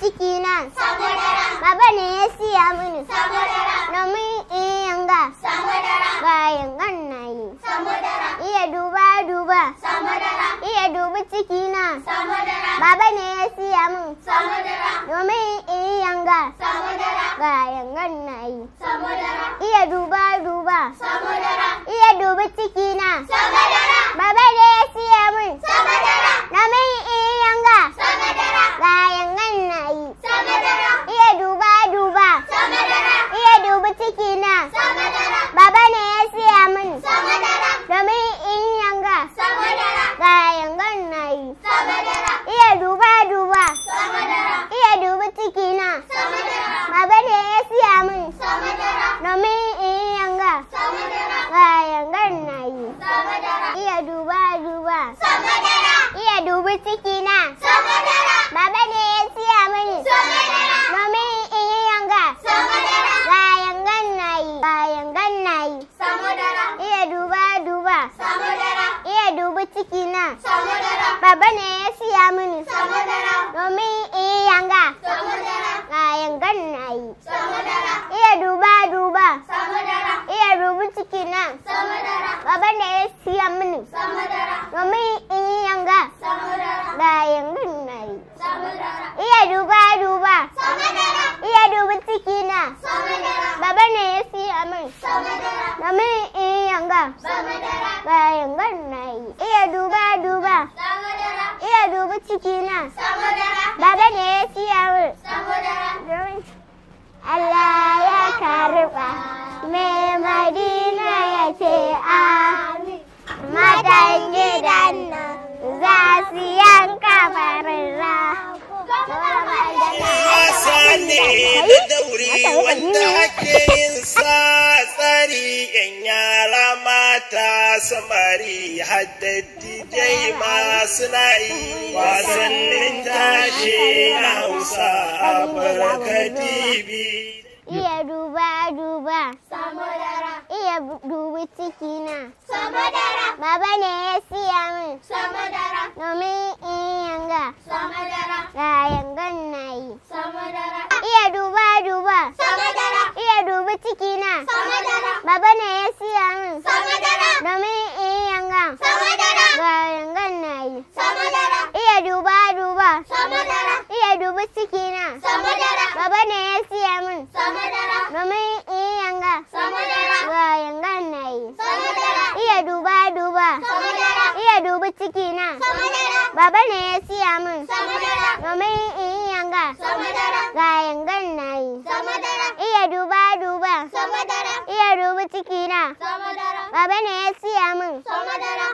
ciki na baba ne ya siya mini domin in yanga ga yangan na yi iya duba duba iya dubi ciki na baba ne ya siya min domin in yanga ga yangan na yi iya duba duba iya dubi ciki duba duba. Son madara. Iya dubi ciki na. Son madara. യമ്മനു മമ്മ ഇനി ഞങ്ക ഗായങ്ങൾ നരി ഈ അരൂപ അരൂപ ഈ അരൂപ ചിക്കീന ബബ നേസി അമ്മൻ മമ്മ ഇനി ഞങ്ക ഗായങ്ങൾ നരി ഈ അരൂപ അരൂപ ഈ അരൂപ ചിക്കീന സമദര da dauri wanda ake yin sa tsari yan yara mata samari haddadijai masu na'i wasannin tashe na hausa a barkatibi iya duba duba samadara iya dubi cikina samadara baba ne ya siya min samadara domin in yanga samadara ga yangan na yi samadara Iya duba duba. Samadara. Iya duba na. Samadara. Baba ne ya siya min. Samadara. Domin in yanga. yangan. Samadara. Ga yangan na yi. Samadara. Iya duba duba. Samadara. Iya duba na. Samadara. Baba ne ya siya min. Samadara. Domin in yanga. yangan. Samadara. Ga yangan na yi. Samadara. Iya duba duba. Samadara. Iya duba na. Samadara. Baba ne ya siya min. Samadara. Domin in yanga. Samadara. min ciki na. Baba ne ya siya min.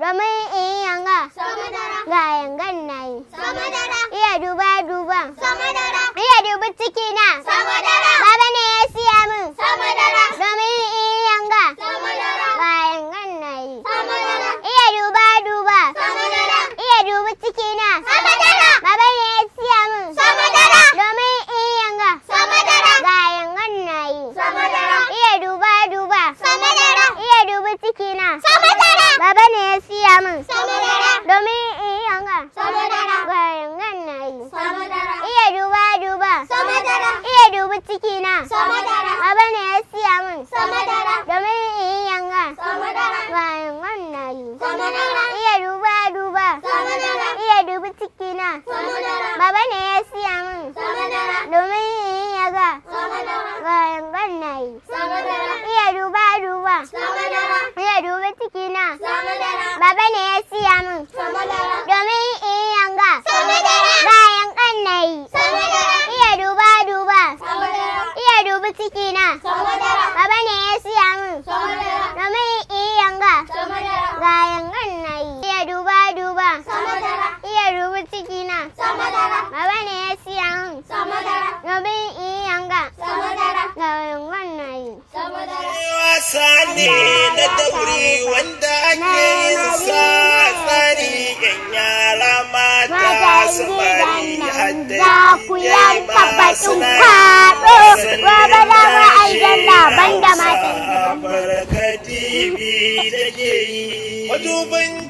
Domin in yi yanga. Ga yangan na yi. Iya duba duba. Iya dubi ciki na. ciki na Baba ne ya siya min domin in yi yanga bayan wannan yi. Iya duba duba iya dubi ciki na Baba ne ya siya min domin in yi yanga bayan wannan yi. Iya duba duba iya dubi ciki na Baba ne ya siya min domin in yi yanga. അവൻ ഏസിയാം നബി ഈ അങ്ക Sani na dauri wanda ake yin sa tsari yan ya yi ma suna yi da yi.